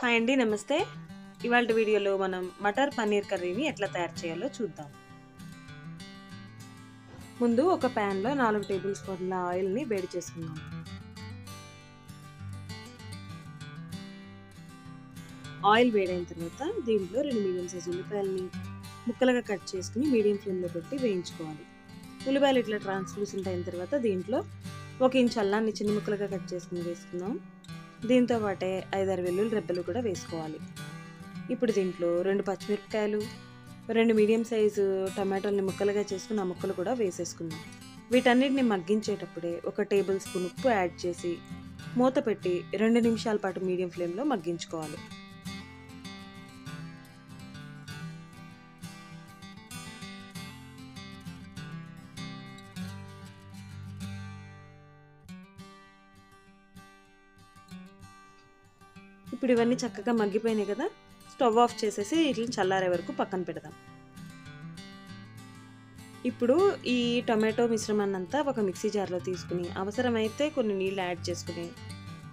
hi అండి నమస్తే ఇవాళ వీడియోలో మనం మటర్ పన్నీర్ కర్రీని ఎట్లా తయారు చేయాలో చూద్దాం ముందు ఒక ప్యాన్లో నాలుగు టేబుల్ స్పూన్ల ఆయిల్ని వేడి చేసుకుందాం ఆయిల్ వేడైన తర్వాత దీంట్లో రెండు మీడియం సైజు ఉల్లిపాయలని ముక్కలుగా కట్ చేసుకుని మీడియం ఫ్లేమ్లో పెట్టి వేయించుకోవాలి ఉల్లిపాయలు ఇట్లా ట్రాన్స్లూసెంట్ అయిన తర్వాత దీంట్లో ఒక ఇంచ్ అల్లాన్ని చిన్న ముక్కలుగా కట్ చేసుకుని వేసుకుందాం దీంతో పాటే ఐదారు వెల్లుల్లి రెబ్బలు కూడా వేసుకోవాలి ఇప్పుడు దీంట్లో రెండు పచ్చిమిరపకాయలు రెండు మీడియం సైజు టమాటోల్ని ముక్కలుగా చేసుకున్న ముక్కలు కూడా వేసేసుకుందాం వీటన్నిటిని మగ్గించేటప్పుడే ఒక టేబుల్ స్పూన్ ఉప్పు యాడ్ చేసి మూత పెట్టి రెండు నిమిషాల పాటు మీడియం ఫ్లేమ్లో మగ్గించుకోవాలి ఇప్పుడు ఇవన్నీ చక్కగా మగ్గిపోయినాయి కదా స్టవ్ ఆఫ్ చేసేసి వీటిని చల్లారే వరకు పక్కన పెడదాం ఇప్పుడు ఈ టొమాటో మిశ్రమాన్నంతా ఒక మిక్సీ జార్లో తీసుకుని అవసరమైతే కొన్ని నీళ్ళు యాడ్ చేసుకుని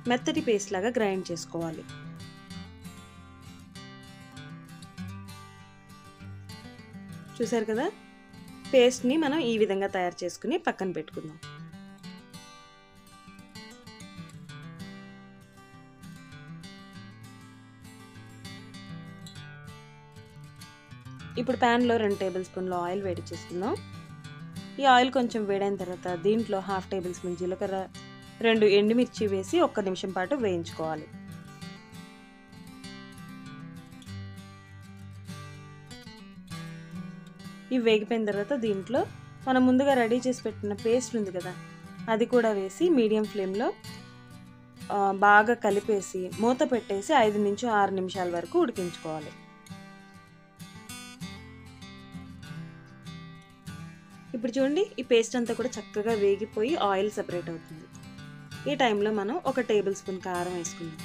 మెత్తటి పేస్ట్ లాగా గ్రైండ్ చేసుకోవాలి చూసారు కదా పేస్ట్ని మనం ఈ విధంగా తయారు చేసుకుని పక్కన పెట్టుకుందాం ఇప్పుడు ప్యాన్లో రెండు టేబుల్ స్పూన్ల ఆయిల్ వేడి చేసుకుందాం ఈ ఆయిల్ కొంచెం వేడైన తర్వాత దీంట్లో హాఫ్ టేబుల్ స్పూన్ జీలకర్ర రెండు ఎండుమిర్చి వేసి ఒక్క నిమిషం పాటు వేయించుకోవాలి ఇవి వేగిపోయిన తర్వాత దీంట్లో మనం ముందుగా రెడీ చేసి పెట్టిన పేస్ట్ ఉంది కదా అది కూడా వేసి మీడియం ఫ్లేమ్లో బాగా కలిపేసి మూత పెట్టేసి ఐదు నుంచి ఆరు నిమిషాల వరకు ఉడికించుకోవాలి ఇప్పుడు చూడండి ఈ పేస్ట్ అంతా కూడా చక్కగా వేగిపోయి ఆయిల్ సపరేట్ అవుతుంది ఈ టైంలో మనం ఒక టేబుల్ స్పూన్ కారం వేసుకుందాం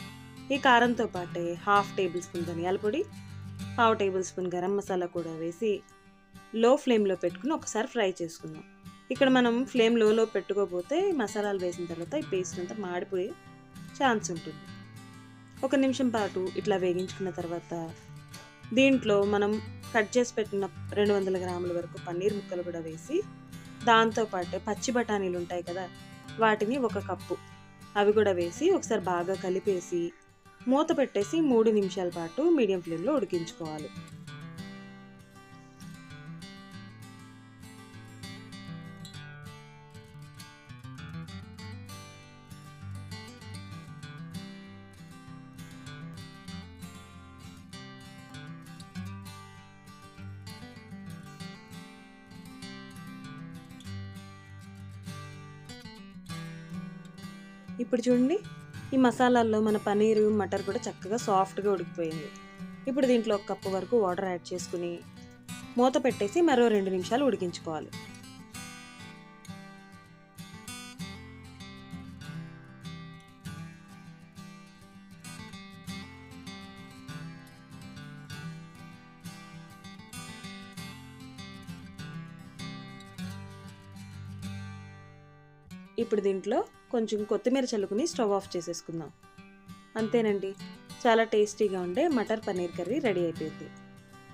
ఈ కారంతో పాటే హాఫ్ టేబుల్ స్పూన్ ధనియాల పొడి హాఫ్ టేబుల్ స్పూన్ గరం మసాలా కూడా వేసి లో ఫ్లేమ్లో పెట్టుకుని ఒకసారి ఫ్రై చేసుకుందాం ఇక్కడ మనం ఫ్లేమ్ లోలో పెట్టుకోకపోతే మసాలాలు వేసిన తర్వాత ఈ పేస్ట్ అంతా మాడిపోయే ఛాన్స్ ఉంటుంది ఒక నిమిషం పాటు ఇట్లా వేగించుకున్న తర్వాత దీంట్లో మనం కట్ చేసి పెట్టిన రెండు వందల గ్రాముల వరకు పన్నీర్ ముక్కలు కూడా వేసి దాంతోపాటు పచ్చి బఠానీలు ఉంటాయి కదా వాటిని ఒక కప్పు అవి కూడా వేసి ఒకసారి బాగా కలిపేసి మూత పెట్టేసి మూడు నిమిషాల పాటు మీడియం ఫ్లేమ్లో ఉడికించుకోవాలి ఇప్పుడు చూడండి ఈ మసాలాల్లో మన పనీరు మటర్ కూడా చక్కగా సాఫ్ట్గా ఉడికిపోయింది ఇప్పుడు దీంట్లో ఒక కప్పు వరకు వాటర్ యాడ్ చేసుకుని మూత పెట్టేసి మరో రెండు నిమిషాలు ఉడికించుకోవాలి ఇప్పుడు దీంట్లో కొంచెం కొత్తిమీర చల్లుకుని స్టవ్ ఆఫ్ చేసేసుకుందాం అంతేనండి చాలా టేస్టీగా ఉండే మటర్ పన్నీర్ కర్రీ రెడీ అయిపోయింది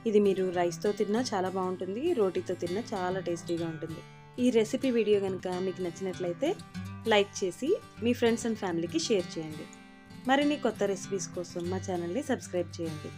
ఇది మీరు రైస్తో తిన్నా చాలా బాగుంటుంది రోటీతో తిన్నా చాలా టేస్టీగా ఉంటుంది ఈ రెసిపీ వీడియో కనుక మీకు నచ్చినట్లయితే లైక్ చేసి మీ ఫ్రెండ్స్ అండ్ ఫ్యామిలీకి షేర్ చేయండి మరిన్ని కొత్త రెసిపీస్ కోసం మా ఛానల్ని సబ్స్క్రైబ్ చేయండి